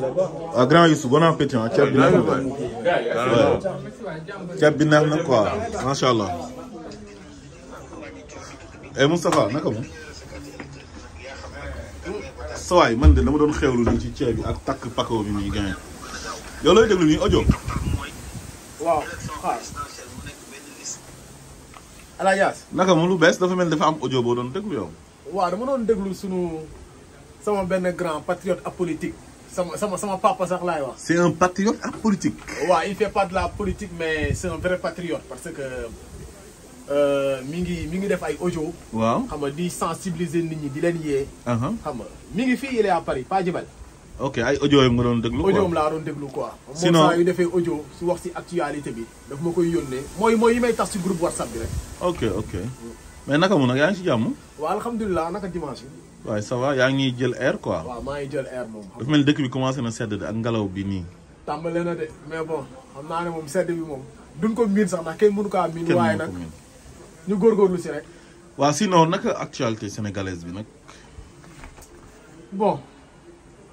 waaw ah, grand Youssou bon appétit ah ceeb bi na waaw ceeb bi neex na quoi eh, naka moom. sa waay man de dama doon xewlu nii ci ceeb bi ak takk pakoo bi muy gën yow looy déglu nii audio. waaw xaar. am audio boo doon déglu sama ben grand patriote apolitique sama sama papa sax lay wax. c'est un patriote apolitique. Ouais, il fait pas de la politique mais c'est un vrai patriote parce que euh, mi ngi mi ngi def ay audio. waaw xam nga di sensibiliser nit ñi di leen yee. Uh-huh. xam nga mi ngi il est à Paris pas djibal ok ay audio yi nga doon déglu quoi audio laa doon déglu quoi. sinon moom saa yu defee audio su wax si actualité bi daf ma koy yonné moy moy yimay tax ci groupe whatsapp bi rek. ok ok mais naka mu nag yaa ngi si jàmm. waaw alhamdulilah naka dimanche waaye ça va yaa ngi jël air quoi. waaw maa ngi jël air moom. dafa mel ni dëkk bi commencé na sedd ak ngelaw bi nii. tàmbale na de mais bon xam naa ne moom sedd bi moom duñ ko miin sax ndax kenn mënu kaa miin. waaye nag ñu góorgóorlu si rek. sinon actualité sénégalaise bon.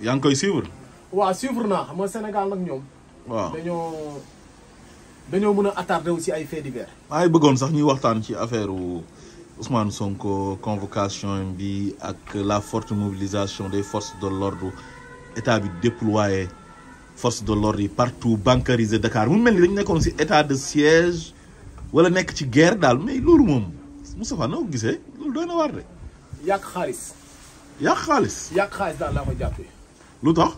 yaa ngi koy suivre. waaw suivre naa xam nga Sénégal nag ñoom. waaw dañoo dañoo mën a attardé wu si ay faits divers. maa ngi bëggoon sax ñuy waxtaan ci affaire Ousmane Sonko convocation bi ak la forte mobilisation des forces de l'ordre état bi déployé forces de l'ordre partout bancarisé Dakar mu mel dañ dañu ci état de siège wala nek ci guerre dal mais lolu mom Moustapha no ko lolu loolu war dé yak khalis yak khalis yak khalis yàq xaalis ko jàppee. lutax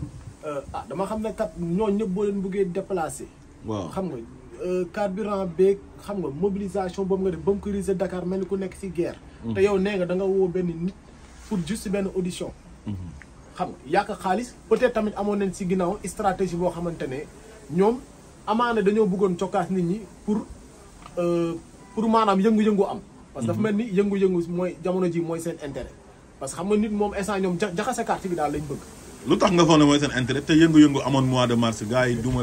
euh, ah dama xam ne kat ñoo ñëpp bo leen bëggee déplacer. waaw xam nga euh, carburant b, xam nga mobilisation boobu nga def ba mu ko Dakar mel ni ku guerre. Mhm. te yow nee nga da nga wo ben nit pour juste ben audition. Mhm. xam nga ka Khalis peut-être tamit amoon nañ si stratégie bo xamantene ñom amana dañu bëggon bëggoon nit ñi pour euh, pour manam yëngu-yëngu am. parce que dafa mhm. melni yëngu-yëngu moy jamono ji moy sen intérêt. parce que xam nga nit mom instant ñom jaxase carte bi daal lañ bëgg. lutax nga foog moy sen intérêt te yëngu-yëngu amoon mois de mars gaay duma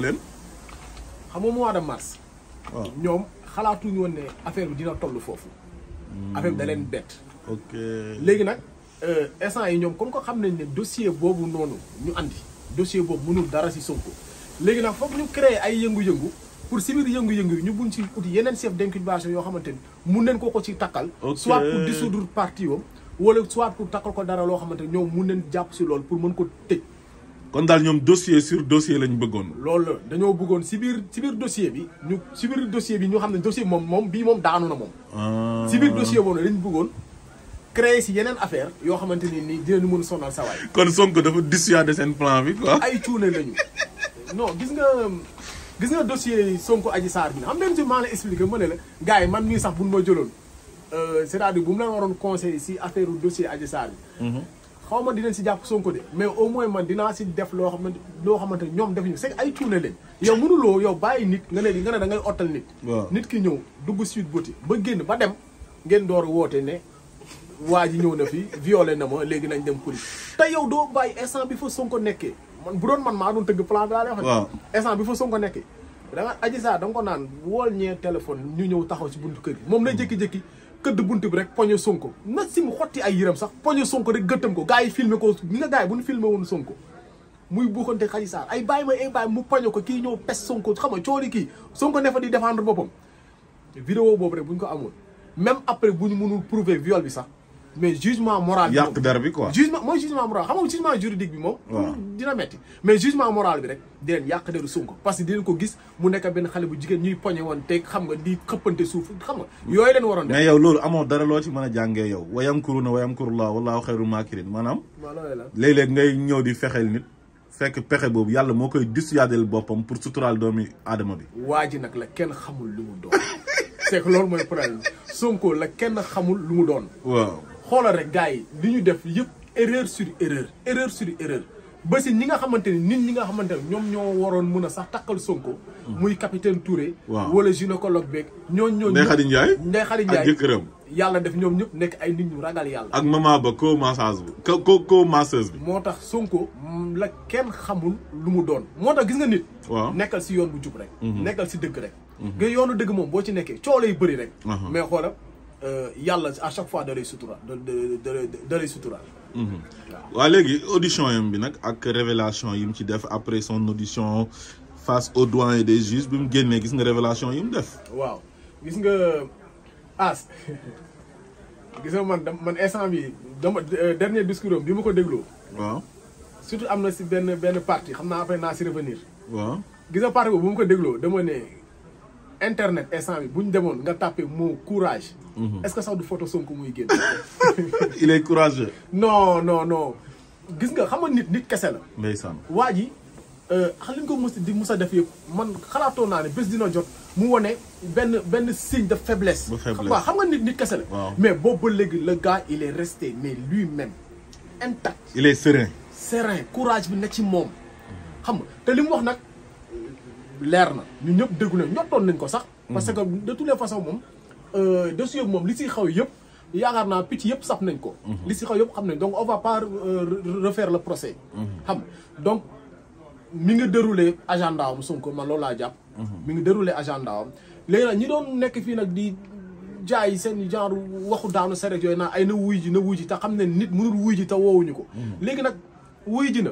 xam nga mois de mars. waaw ñoom xalaatuñu woon ne affaire bi dina toll foofu. Hmm. affaire bi da leen bett. ok léegi nag euh, instant yi ñoom comme ko xam nañ ne dossier boobu noonu ñu andi dossier boobu mënul dara si Sonko léegi nag foog ñu créer ay yëngu-yëngu pour si biir yëngu-yëngu yi ñu buñ ci ut yeneen chef d'incubation yoo xamante ni mun nañ ko ko ci takkal. soit pour dissoudre parti wala soit pour takkal ko dara loo xamante ni ñoom mun nañ jàpp si loolu pour mën ko tëj. kon daal ñoom dossier sur dossier lañu bëggoon. loolu dañoo bëggoon si biir si biir dossier bi ñu si biir dossier bi ñu xam ne dossier moom moom bii moom daanu na moom. Ah. si biir dossier boobu dañ bëggoon créer si yeneen affaire yoo xamante ni nii dinañu mën a sonal sa waay. kon Sonko dafa dissuader seen plan bi quoi. ay cuune lañu no gis nga gis nga dossier Sonko Adji Sarr bi xam nga ci maa la expliqué ma ne la gars yi man mii sax buñ ma jëloon euh, c'est-à-dire bu mu la waroon conseil si affaire dossier Adji Sarr bi. Mhm. xaw ma dina si jàpp Sonko de mais au moins man dina si def loo xamante loo xamante ne ñoom defuñu c'est ay cuune leen yow mënuloo yow bàyyi nit nga ne nga ne da ngay ottal nit nit ki ñëw dugg suite boti ba génn ba dem ngeen door woote ne waa ji ñëw na fi violé na ma léegi nañ dem police te yow doo bàyyi instant bi fa Sonko nekkee man bu doon man maa doon tëgg plan bi laa lay wax bi fa Sonko nekkee da nga Adji Sarr da nga ko naan wool ñee téléphone ñu ñëw taxaw si buntu kër gi moom na hmm. jékki-jékki këdd bunt bi rek poñe Sonko na si mu xotti ay yëram sax poñe Sonko rek gëttam ko gars yi filmé ko ni nga gars yi bu ñu filmé woon Sonko muy buuxante Adji Sarr ay bàyyi ma ay bàyyi mu poñe ko kii ñëw pes Sonko xam a cooli kii Sonko ne fa di défendre boppam vidéo boobu rek bu ñu ko amoon même après bu ñu mënul prouver viol bi sax mais jugement moral. yàq der bi quoi jugement mooy jugement moral bi moom. dina metti mais jugement moral bi rek di leen yàq deru parce que dinañ ko gis mu nekk benn xale bu jigéen ñuy poñe woon teg xam nga di xëppante suuf xam nga. yooyu leen waroon def mais loolu amoo dara loo ci mën a jàngee yow. wayamkuru na wayamkurullah wallaahu xayrul maakirin maanaam. léeg-léeg ngay ñëw di fexeel nit. fekk pexe boobu yàlla moo koy dissuadel boppam pour suturaal doomi aadama bi. waa ji nag la kenn xamul lu mu doon. c'est que loolu mooy kenn xamul lu mu doon. xoolal rek gars yi li ñu def yëpp erreur sur erreur erreur sur erreur ba si ñi nga xamante ni nit ñi nga xamante ne ñoom ñoo waroon mun a sax takkal Sonko. Hmm. muy capitaine Touré. wala gynécologue beeg. ñooñu ñooñu Ndeye Khady Ndiaye Ndeye Khady Ndiaye ak yàlla def ñoom ñëpp nekk ay nit ñu ragal yàlla. ak maman ba co masseuse bi co co masseuse bi. moo tax Sonko la kenn xamul lu mu doon moo tax gis nga nit. waaw nekkal si yoon bu jub rek. Hmm. nekkal si dëkk rek. Hmm. nga yoonu dëgg moom boo ci nekkee coow lay bëri rek. Uh-huh. mais xoolal. Euh, yalla à chaque fois de lay sutura de de da lay suturaal. Mhm. waaw léegi audition yam bi nak ak révélation yim ci def après son audition face au et des juges bim guenné gis nga révélation yim def. waaw gis nga as gis nga man man instant bi euh, dernier discours am bi ma ko dégloo. waaw surtout amna ci ben ben benn partie xam naa après naa si revenir. waaw gis nga partie bu ko dégloo dama né internet instant bi bu ñu demoon nga tapé mot courage. Mhm. est-ce que ça du photo ko muy guen il est courageux. non non non gis nga xam nga nit nit kese la. ndeysaan waa ji euh, xam ko mos di musa def yëpp man xalaatoon naa ne bés dina jot mu woné ben ben signe de faiblesse. Quoi? xam nga nit nit kese la. mais bo bo léegi le gars il est resté mais lui-même intact. il est serein. serein courage bi na ci moom. xam nga te li wax nak leer na ñu ñëpp déggu nañ ko sax. parce que de toutes les façons moom euh, dossier bi moom li siy xaw yëpp yaakaar naa picc yëpp sap nañ ko. Mhm. li si xaw yëpp xam nañ donc on va pas euh, refaire le procès. Mhm. xam donc mi ngi déroulé agenda am Sonko man loolu la jàpp. Mhm. mi ngi déroulé agenda am léegi nag ñi doon nekk fii nag di. jaay sen genre waxu daanu serek yooyu na ay na wuy ji na wuy ji te xam ne nit mënul wuy ji te woowuñu ko légui nak wuy ji na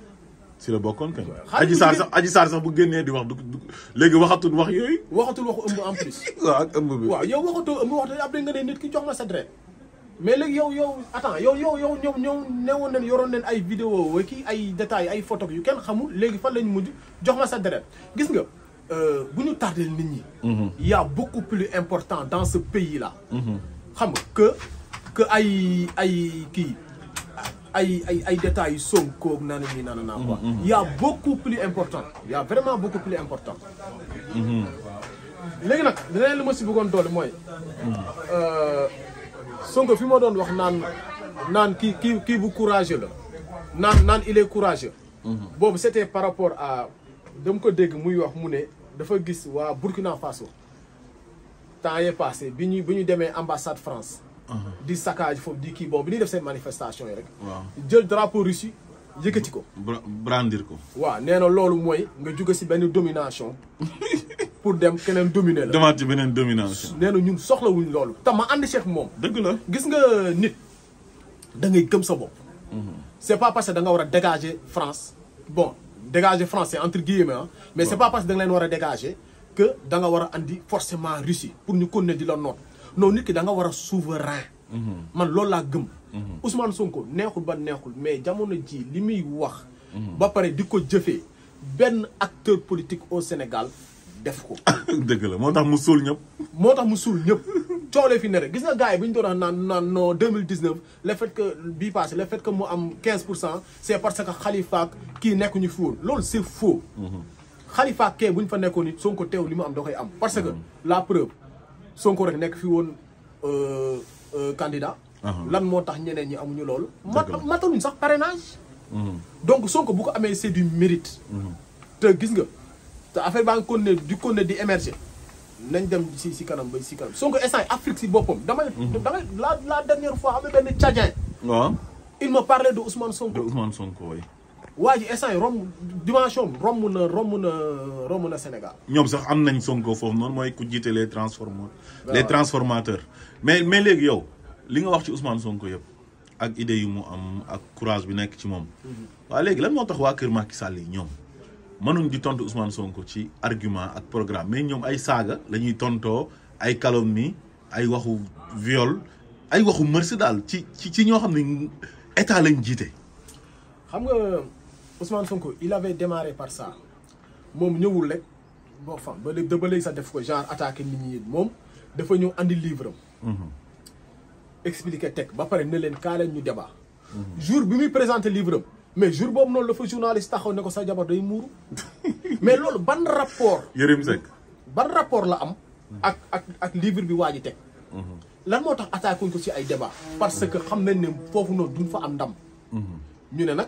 si le bokkoon kañ. aji saar sax aji saar sax bu génnee di wax légui léegi waxatul wax yoy waxatul waxu ëmb en plus. wa ak ëmb bi wa yow waxatoo ëmb wax dëgg nga ne nit ki jox ma sa dërët. mais légui yow yow attends yow yow yow ñoom ñoom newoon nañ yoron nañ ay vidéo way ki ay détails ay photos yu kenn xamul légui fa lañ mujj jox ma sa dërët gis nga. Euh, bu ñu tardel nit ñi. il mhm. y a beaucoup plus important dans ce pays là. Mhm. xam nga que que ay ay kii il mm-hmm. y a beaucoup plus important. il y a vraiment beaucoup plus important. Mm-hmm. léegi nag si vous mm-hmm. euh, il est courageux. c'était par rapport à dama ko Burkina Faso temps est passé biñu biñu ambassade France. Uh-huh. di saccage foofu di ki boobu bi ñuy def seen manifestation yi rek. waaw jël drapeau Russie yëkkati ko. brandir ko. waaw nee na moy nga jóge ci ben domination pour dem kenen dominer la. demaat ci beneen domination. nee na ñun soxlawuñ loolu. te ma ànd Cheikh mom deug la gis nga nit da ngay gëm sa bop uh-huh. c'est pas parce que da nga wara dégager France bon dégager France c'est entre guillemets hein? mais c'est pas parce que da nga leen war dégager que da nga wara andi forcément Russie pour ñu continuer di la note non nit ki da nga wara souverain. Mhm. man lool la gëm. Mhm. Ousmane Sonko neexul ba neexul mais jamono ji li wax. Mhm. ba paré diko jëfé ben acteur politique au Sénégal def ko. deug la motax mu sul ñep motax mu sul ñep ciolé fi ne gis nga gaay buñ doon naan le fait que bii passé le fait que mu am 15%, c'est parce que Khalifa ki kii nekk ñu fi lool c'est faux. Khalifa ke buñ fa nekkoni Sonko tew li mu am da koy am. parce que la preuve. Sonko rek nek fi won euh euh candidat. Uh-huh. lan moo tax ñeneen ñi amuñu lool dëgg mataluñ sax parrainage. Uh-huh. donc Sonko bu ko amé c'est du mérite. Uh-huh. te gis nga te affaire baa ngi du ne di émerger nañ dem ci ci kanam ba ci kanam Sonko instant Afrique ci bopom dama damay la la dernière fois am ben benn non il m'a parlé de Ousmane Sonko. de Ousmane Sonko oui. waa ji instant yi romb dimension romb na romb na romb na Sénégal. ñoom sax am nañ Sonko foofu noonu mooy ku jiite les transformeurs. les mais mais léegi yow li nga wax ci Ousmane Sonko yëpp ak idée yi mu am ak courage bi nekk ci moom. Mhm. waa léegi lan moo tax waa Kër Macky Sall yi ñoom mënuñ di tontu Ousmane Sonko ci argument ak programme mais ñoom ay saaga la ñuy tontoo ay calomnie ay waxu viol ay waxu merci daal ci ci ci ñoo xam ne état lañ jiite. Ousmane Sonko il avait démarré par ça Mom, nous rek bon, xam ba léegi ba léegi sax def ko genre attaqué nit ñi moom dafa ñëw andi livre am. Mhm. expliqué teg ba pare ne leen nous ñu débat. Mhm. jour bi présente présenté livre mais jour boobu non le feu journaliste taxaw ne ko sa jabar day muuru mais loolu ban rapport. Yérim Seck ban rapport la am. ak ak ak livre bi waa tech. teg. Mhm. lan moo tax attaqué ko ci ay débat parce que nous nañ ne foofu noonu duñ fa am ndam. ñu ne nag.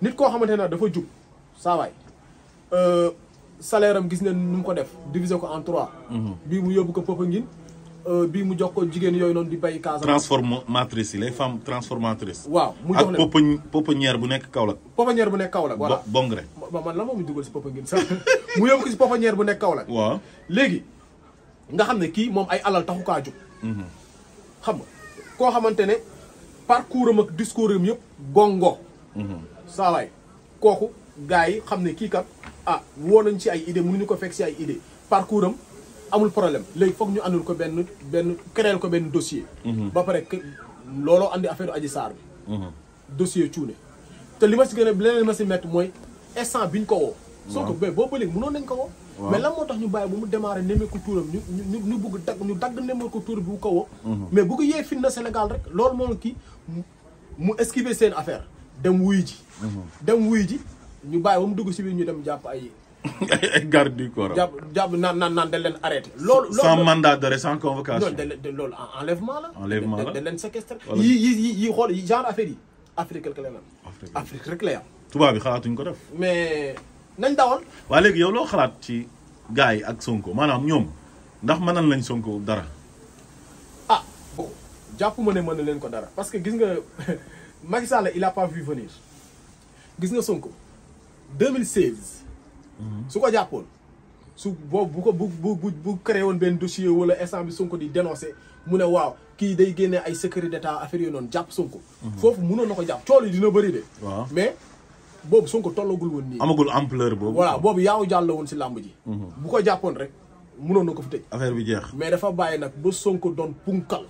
nit koo xamante ne dafa jub saawaay euh, salaire am gis ne nu mu ko def diviser ko entroit trois. Mhm. bii mu yóbbu ko Popenguine euh, bii mu jox ko jigéen yooyu noonu di bay Casamance. transformatrice yi les femmes transformatrices. waaw mu jox leen ak pouponnière bu nekk Kaolack. pouponnière bu nekk Kaolack voilà Bongre. man lan moom mu dugal si Popenguine sax mu yóbbu ko si pouponnière bu nekk Kaolack. waaw léegi nga xam ne kii moom ay alal taxu kaa jub. Mhm. xam nga koo xamante ne parcours am ak discours yëpp gongo. Mhm. Salay kooku gars xamné ki kat ah woo nañ ci ay idée mënuñu ko fek ci ay idée parcours amul problème lay foog ñu andul ko ben ben créer ko ben dossier mhm. ba pare lolo andi affaire Adji Sarr bi mhm. dossier cuune te li ma si gën leneen ma ci métti moy instant biñ ko wo soo ko bo bëlé bëleeg nañ ko wo mais lan motax ñu bàyyi bu mu démarré némé ko touram ñu ñu bëgg dag ñu dag dagg nemmeeku tuur bu ko wo mhm. mais bu ko yé fin na Sénégal rek lool moom ki mu esquiver sen affaire dem wuy ji. Mhm. dem wuy ji ñu bàyyi ba mu dugg si biir ñu dem jàpp ay. ay garde du corps. jàpp jàpp naan naan naan leen arrêté. loolu loolu sans mandat d'arrêt sans convocation. loolu enlèvement la. la dañ leen séquestré. yi yi yi xool genre affaire yi. Afrique rek la am. Afrique rek la am. tubaab bi xalaatuñ ko def. mais nañ dawal. waa léegi yow loo xalaat ci gars yi ak Sonko maanaam ñoom ndax mënal nañ Sonko dara. ah bon jàpp ma ne mën na leen ko dara parce que gis nga. Macky Sall il a pas vu venir gis nga Sonko 2016. Mhm. su ko jàppoon su boobu bu ko bu bu bu créer woon benn dossier wala instant bi Sonko di dénoncé mu ne waaw kii day génne ay secret d'état affaire yooyu noonu jàpp Sonko. Mhm. foofu mënoon na ko jàpp cool yi dina bëri de. mais boobu Sonko tollagul woon nii. amagul ampleur Bob. voilà Bob yaaw jàll woon si làmb ji. Mhm. bu ko jàppoon rek mënoon na ko fi tëj. affaire bi jeex. mais dafa bàyyi nag ba Sonko doon punkal.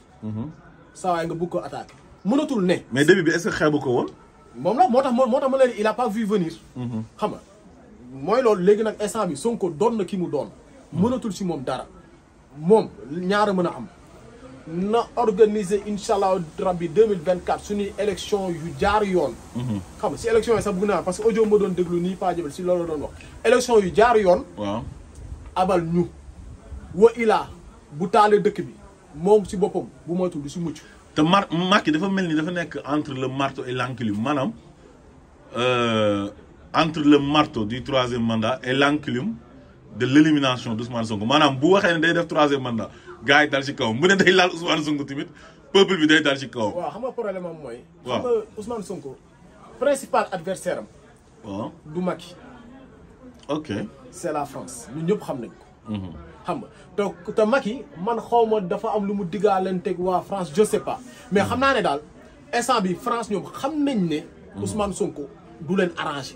saa waay nga bëgg ko attaqué mënatul ne. mais début bi est ce que ko won mom la moo tax ma il a pas vu venir. Mhm. xam nga moy loolu léegi nak instant bi Sonko don na ki mu don mhm. mënatul ci mom dara. mom ñaara mën a am na organiser inshallah rabbi 2024 suñuy élection yu jaar yoon. Mhm. xam nga si élection sax bëgg parce que audio ma doon déglu nii Paa Jabel si loolu doon wax. élection yu jaar yoon. waaw abal ñu. wa ila bu talé dëkk bi mom si bopom bu moytul du ci muccu te Mar Macky dafa melni ni dafa nek entre le marteau et l'enclume manam euh, entre le marteau du troisième mandat et l'enclume de l'élimination d'Ousmane Sonko manam bu waxé né day def troisième mandat gaay dal ci kaw mu né day laal Ousmane Sonko timit peuple bi day dal ci kaw wa xam nga problème am moy xam nga Ousmane Sonko principal adversaire am. waaw du Macky. ok c'est la France ñu ñëpp xam nañ ko. hmm xam nga te te Macky man xaw ma dafa am lu mu digaalanteeg waa France je sais pas mais xam naa ne daal instant bi France ñoom xam nañ ne Ousmane Sonko du leen arrangé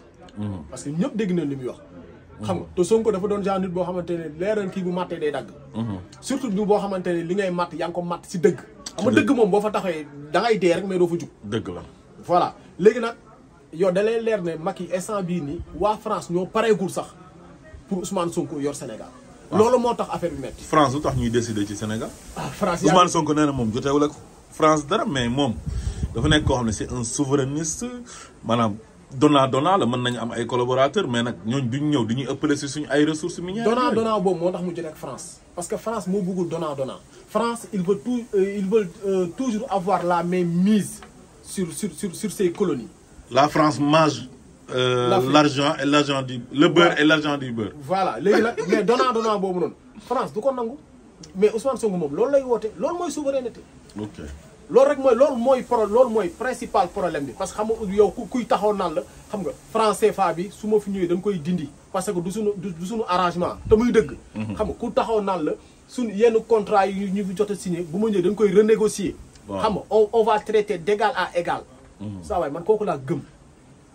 parce que ñëpp dégg nañ li muy wax xam nga te Sonko dafa doon genre nit boo xamante ne leeral kii bu màttee day dagg surtout ñu boo xamante ne li ngay matt yaa ngi ko màtt si dëgg ama dëgg moom boo fa taxee da ngay dee rek mais doo fa jug dëgg la voilà léegi nag yow da lay leer ne Macky instant bii nii waa France ñoo pareegul sax pour Ousmane Sonko yor Sénégal loolu moo tax affaire bi métti. France lu tax ñuy décider ci Sénégal. ah France Ousmane Sonko nee na moom jotewul France dara mais mom. dafa nekk c'est un souverainiste Madame, Donald Donald, le mën nañu am ay collaborateurs mais nag ñooñ duñ ñëw duñuy ëppale si suñu ay ressources minières. Donald, donnaa boobu moo tax mu jotee ak France. parce que France moo bëggul Donald Donald. France il veut tout euh, il veut euh, toujours avoir la main mise sur sur sur sur ses colonies. la France mange. Euh, l'argent et l'argent du le beurre et l'argent du beurre. voilà mais donnant donnant boobu France du ko nangu mais Ousmane Sonko mom loolu lay woote loolu mooy souveraineté. ok loolu rek moy loolu moy pro moy principal problème bi parce que xam nga yow kuy taxaw naan la xam nga franc CFA bi su fi ñëwee dañ koy dindi parce que du suñu du suñu arrangement te muy deug mhm. xam nga ku taxaw naan la suñu yenn contrat yi ñu fi jot signé bu ma ñëwee dañ koy renégocier. xam nga on on va traiter d'égal à égal. ça mhm. va man kooku la gëm.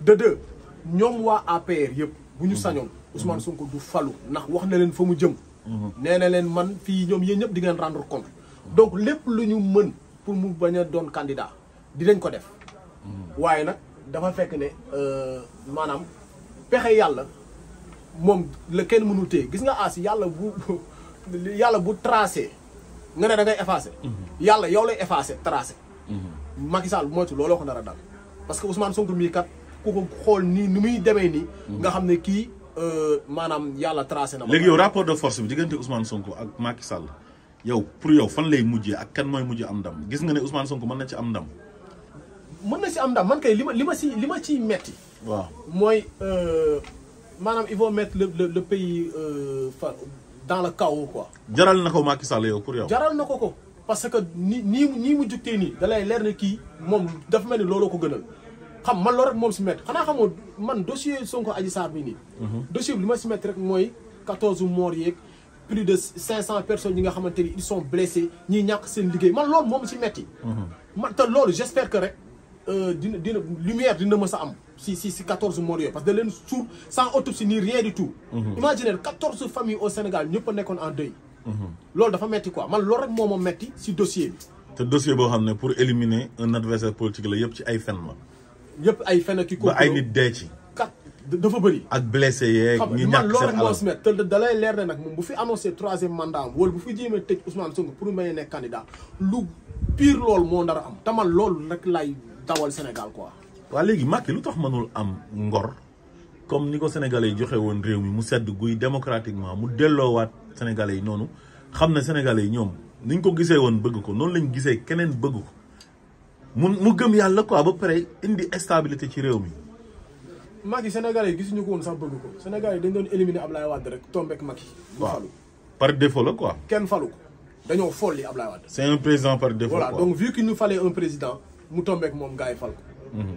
de de ñom wa APR yeb bu ñu sañoon Ousmane mhm. Sonko du falu nak wax na len fa mu jëm mhm. neena len man fi ñom yéen ñep di ngeen rendre compte donc lepp lu ñu mën pour mu baña don candidat di dinañ ko def mhm. waye nak dafa fekk ne euh, manam pexé yalla mom le ken mënu té gis nga as yalla bu yalla bu tracé nga ne da ngay effacer yalla yow lay effacé tracé Macky Sall moytu looloo ko nar a dal parce que Ousmane Sonko mii kat ku ko xool nii ni muy demee nii. nga xam ne kii euh, maanaam yàlla tracé na. léegi yow rapport de force bi diggante Ousmane Sonko ak Macky Sall yow pour yow fan lay mujjee ak kan mooy mujj am ndam gis nga ne Ousmane Sonko mën na ci am na si am ndam man kay li ma li ma si li ma ciy metti. waaw mooy euh, maanaam il faut mettre le le le pays euh, dans le chaos quoi. jaral na ko Macky Sall yow pour yow. jaral na ko ko parce que ni nii nii mu jugtee nii. da leer ne kii moom dafa ma ni looloo ko gënal. xam man loolu rek moom si mettre xanaa xamoo man dossier Sonko aji Sarr bi nii. Mhm. dossier bi li ma si mettre rek mooy 14 morts yeeg plus de 500 personnes yi nga xamante ni ils sont blessés ñi ñàkk seen liggéey man loolu moom si metti mhm. man te loolu j' espère que rek euh, dina dina lumière dina mës a am si si si quatorze morts yooyu parce que da leen suur sans autopsie ni rien du tout. Mhm. imaginez 14 familles au Sénégal ñëpp a nekkoon en deuil. loolu dafa metti quoi man loolu rek moo ma metti si dossier bi. te dossier boo xam ne pour éliminer un adversaire politique la yëpp ci ay fen la. yépp ay fen ak i ba ay nit dee ci. kat dafa bëri. ak blessé yeeg ñi ñàkk seen alal man loolu te da leer ne nag moom bu fi annoncé troisième mandat am wala bu fi jéemee tëj Ousmane Sonko pour mu bañ a nekk candidat lu pire loolu moo ndara am. te man loolu rek lay dawal Sénégal quoi. waa léegi Macky lu tax mënul am ngor comme ni ko sénégalais yi joxe woon réew mi mu sedd guy démocratiquement mu delloowaat sénégalais yi noonu xam ne sénégalais yi ñoom niñ ko gisee woon bëgg ko noonu lañ gisee keneen bëgg ko. mu mu gëm yàlla quoi ba pare indi stabilité ci réew mi. Macky Sénégal yi gisuñu ko woon sax bëgg ko Sénégal yi dañ doon éliminer Ablaye Wade rek tombé ak Macky. waaw par défaut la quoi. kenn falu ko dañoo folli Ablaye Wade. c'est un président par défaut quoi voilà donc vu qu'il nous fallait un président mu tombé ak moom gars yi fal ko. Mhm.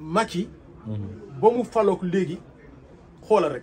Macky. Mhm. ba mu falook léegi xoolal rek.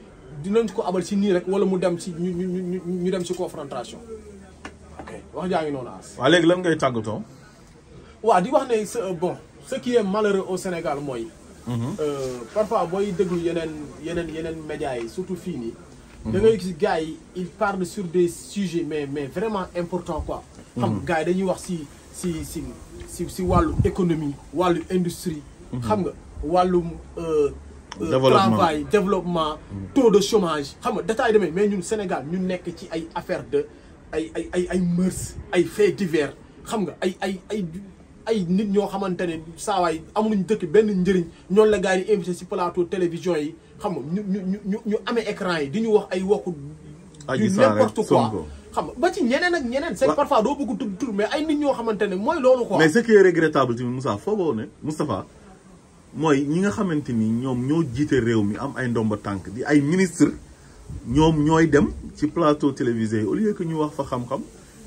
dinañ ko abal ci nii rek wala mu dem ci ñu ñu ñu dem ci confrontation ok wax jaa ngi noonu as. waaw léegi lan ngay tàggatoo. waaw di wax ne ce euh, bon ce qui est malheureux au Sénégal mooy. Mhm. Euh, parfois booy déglu yeneen yeneen yeneen médias yi surtout fii nii. Mhm. da ngay gis gars yi ils parlent sur des sujets mais mais vraiment important quoi. xam mhm. gars yi dañuy wax si si si si si wàllu économie wàllu industrie. xam nga wàllum. Euh, Euh, travail développement taux de chômage xam nga détail demee mais ñun Sénégal ñu nekk ci ay affaire de ay ay ay ay ay faits divers xam nga ay ay ay ay nit ñoo xamante ne saawaay amuñ dëkk benn njëriñ ñoon la gars yi invité ci plateau télévision yi xam nga ñu ñu ñu ñu amee écran yi di ñu wax ay waxu du n'importe quoi xam nga ba ci ñeneen ak ñeneen c'est parfois doo bëgg tudd tur mais ay nit ñoo xamante ne mooy loolu quoi mais ce qui est regrettable tamit mooy ñi nga xamante ni ñoom ñoo jiite réew mi am ay ndomba tànk di ay ministre ñoom ñooy dem ci plateau télévisé yi au lieu que ñu wax fa xam-xam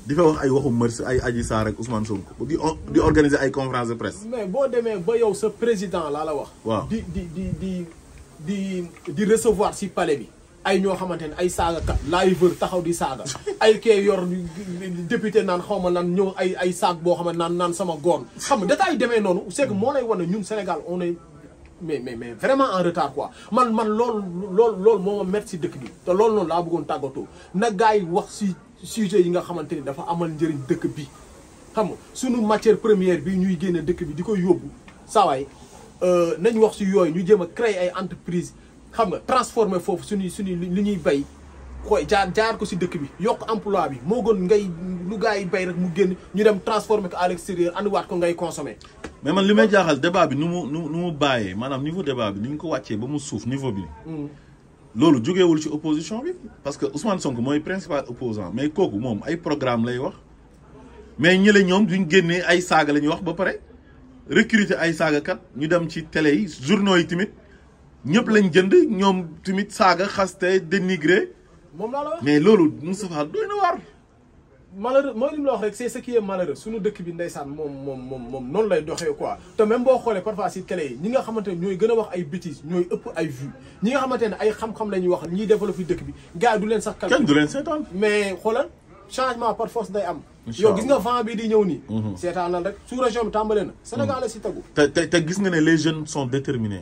di fa wax ay waxu Merse ay Adji Sarr ak Ousmane Sonko di di organiser ay conférence de presse. mais boo demee ba yow sa président laa la wax. waaw di di di di di di recevoir si palais bi. ay ñoo xamante ne ay saagakat liveur taxaw di saaga ay kee yor député naan xaw ma lan ñëw ay ay saag boo xam ne naan naan sama goon xam nga détails yi demee noonu c'est que moo lay wan ne ñun Sénégal on est mais mais mais vraiment en retard quoi man man loolu loolu loolu moo ma métti si dëkk bi te loolu noonu laa bëggoon tàggatoo na gars yi wax si sujet yi nga xamante ni dafa amal njëriñ dëkk bi xam nga suñu matière première bi ñuy génne dëkk bi di ko yóbbu saawaay euh, nañ wax si yooyu ñu jéem a créer ay entreprise xam transformer fofu suñuy suñuy li ñuy bay koy jaar jaar ko ci dëkk bi yok emploi bi mo gën ngay lu gaay bay rek mu gën ñu dem transformer ko à l'extérieur andiwaat ko ngay consommer. mais man limay may jaaxal débat bi nu mu nu mu bàyyee manam niveau débat bi ni ñu ko wàccee ba mu suuf niveau bi. Mm. loolu jógeewul ci opposition bi parce que Ousmane Sonko moy principal opposant mais koku mom ay programme lay wax mais ñële ñom duñu génnee ay saga la wax ba paré recruter ay kat ñu dem ci télé yi journaux yi tamit ñepp lañ jënd ñom timit dénigré. mais nous Moustapha doyna war malheureux c'est ce qui est malheureux suñu dëkk bi ndaysan mom mom mom lay doxé quoi te même bo xolé parfois si télé ñi nga xamanté ne gëna wax ay bêtises ëpp ay ñi nga ay xam-xam la wax développé dëkk bi gars du leen sax du mais changement par force day am yow gis nga vent bi di ñëw mhm. rek na mhm. gis nga les jeunes sont déterminés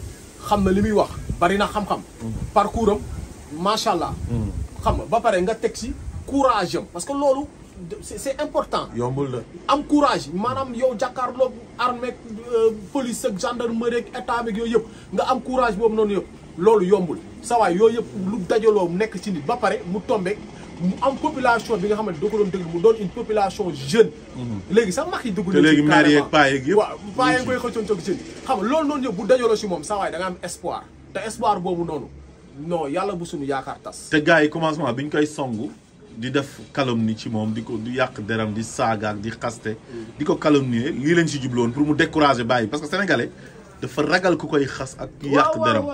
xam na li muy wax bari na xam-xam. Mm. parcours am macha allah. Mm. xam nga ba pare nga teg ci courage am parce que loolu c'est important. yombul la am courage maanaam yow jàkkaarloog armée euh, police ak gendarmerie ak état beeg yooyu yëpp nga am courage boobu noonu yëpp loolu yombul sa waay yooyu yëpp lu dajaloo nekk ci nit ba pare mu tombe mu am population bi nga xamné doo ko doon deug mu doon une population jeune mhm. légui sax mag yi dugg nañ ci maire yeeg paa yeeg yëpp waaw paa yeeg koy xëccoon toog jeune xam lool non noonu bu dajolo ci mom sa way da nga am espoir te espoir boobu noonu non yalla bu suñu yaakar tas te gaay yi commencement biñ koy songu di def calomnie ci mom diko du di deram di saagaak di xasté diko ko li lii lañ si jubloon pour mu décourager bàyyi parce que sénégalais dafa ragal ku koy xass ak yàq deram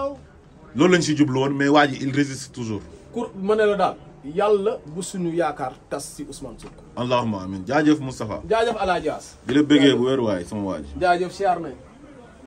loolu lañ si jubloon mais waa il résiste toujours pour ma la dal yàlla bu suñu yaakaar tas si Ousmane Sonko. allahumma amin jaajëf Moustapha. jaajëf El Hadj As. di la bëggee bu wér waay sama waaj. jaajëf siyaar nañ.